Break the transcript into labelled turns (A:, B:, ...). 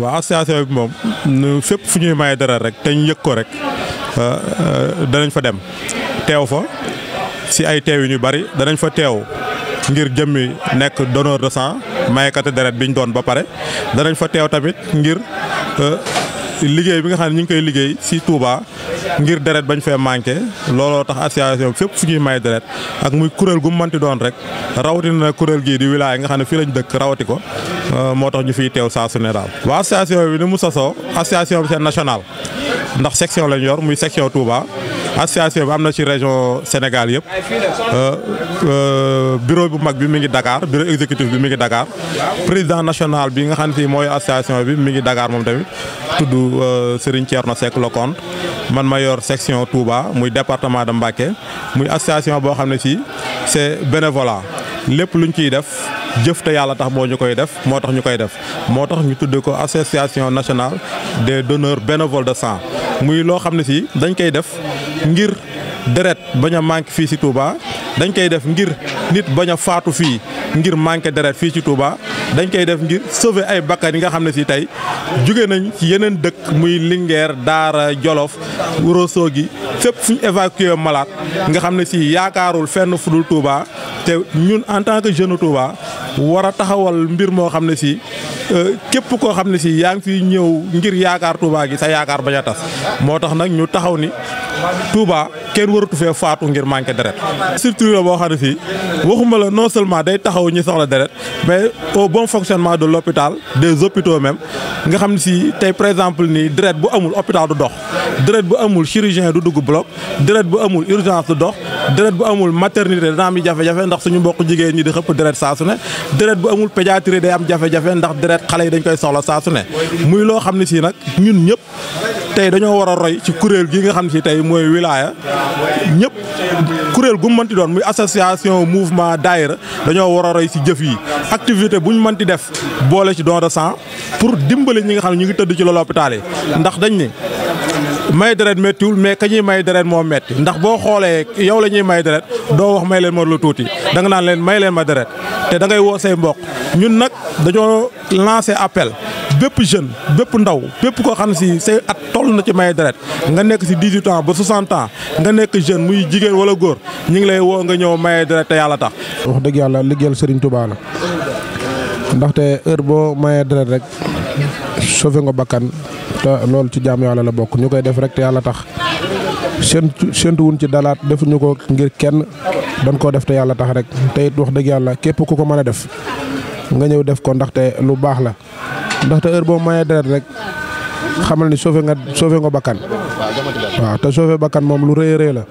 A: waaw association bi moom nu fépp fu ñuy maye dara rek te yëg ko rek euh, euh, danañ fa dem teew fa si ay teew yu ñu bari danañ fa teew ngir jëmmi nekk donneur de sang mayekati deret biñ doon ba pare danañ fa teew tamit ngir. Euh, liggéey bi nga xam ne ñu ngi koy liggéey si Touba ngir deret bañ fee manqué looloo tax association bi fépp fu ñuy may deret ak muy kuréel gu manti doon rek rawatina kuréel gii di wilaay nga xam ne fii lañ dëkk rawati ko euh, moo tax ñu fiy teew saa ne daal. waa association bi ni mu sosoo association bi c'est national ndax section lañ yor muy section tuuba association bi am na ci région Sénégal yëpp euh, euh, bureau bu mag bi mi ngi dakaar bureau exécutif bi mi ngi Dakar président national bi nga xam ne si mooy association bi mi ngi Dakar moom tamit tudd euh, Serigne Thierno Seck Lokonte man ma yor section Touba muy département de Mbacké muy association boo xam ne si c'est bénévolat lépp luñ ciy def jëf te yàlla tax moo ñu koy def moo tax ñu koy def moo tax ñu tuddee ko association national des donneurs bénévoles de sang def ngir deret bañ a manqué fii ci Touba dañ koy def ngir nit bañ a faatu fii ngir manqué deret fii ci Touba dañ koy def ngir sauver ay bakkan yi nga xam ne si tey jóge nañ ci yeneen dëkk muy Linguère Daara Jolof Rosso gi fépp fu ñu évacué malade nga xam ne si yaakaarul fenn fu dul Touba te ñun en tant que jeune Touba war a taxawal mbir moo xam ne si euh, képp koo xam ne si yaa ngi fiy ñëw ngir yaakaar Touba gi sa yaakaar bañ a tas moo tax nag ñu taxaw ni Touba. kenn waratu fee faatu ngir manqué deret structure la boo xam ne fii waxuma la non seulement day taxaw ñi soxla deret mais au bon fonctionnement de l'hôpital des hôpitaux même nga xam ne si tey par exemple ni deret bu amul hôpital du dox deret bu amul chirurgien du dugg bloc deret bu amul urgence du dox deret bu amul maternité dana am jafe-jafe ndax suñu mbokk jigéen ñi di xëpp deret saa su ne deret bu amul pédiatrie day am jafe-jafe ndax deret xale yi dañ koy soxla saa ne muy loo xam ne si nag ñun ñëpp tey dañoo war a roy ci kuréel gi nga xam si tey mooy wilaya ñëpp kuréel gum mu mënti doon muy association mouvement daayira dañoo war a roy si jëf yi activité bu ñu mënti def boole ci don de sang pour dimbali ñi nga xam ne ñu ngi tëdd ci loolu hôpital yi ndax dañ ne may deret méttiwul mais ka ñuy may deret moo metti ndax boo xoolee yow la ñuy may deret doo wax may leen ma lu tuuti danga naan leen may leen ma deret te da ngay woo say mbokk ñun nag dañoo lancé appel bépp jeune bépp ndaw bépp koo xam ne si say at toll na ci may deret nga nekk si 18 ans ba 60 ans nga nekk jeune muy jigéen wala góor ñu ngi lay woo nga ñëw maye deret te yàlla tax.
B: wax dëgg yàlla liggéel Serigne Touba la ndaxte heure boo mayee deret rek sauvé nga bakkan te loolu ci jaam yàlla la bokk ñu koy def rek te yàlla tax. séentu séentuwuñ ci dalaat defuñu ko ngir kenn dañ koo def te yàlla tax rek tey it wax dëgg yàlla képp ku ko mën a def nga ñëw def ko ndaxte lu baax la ndaxte heure boo mayee deret rek xamal ni sauvé nga sauvé nga bakkan waaw te sauvé bakkan moom lu rëyee a la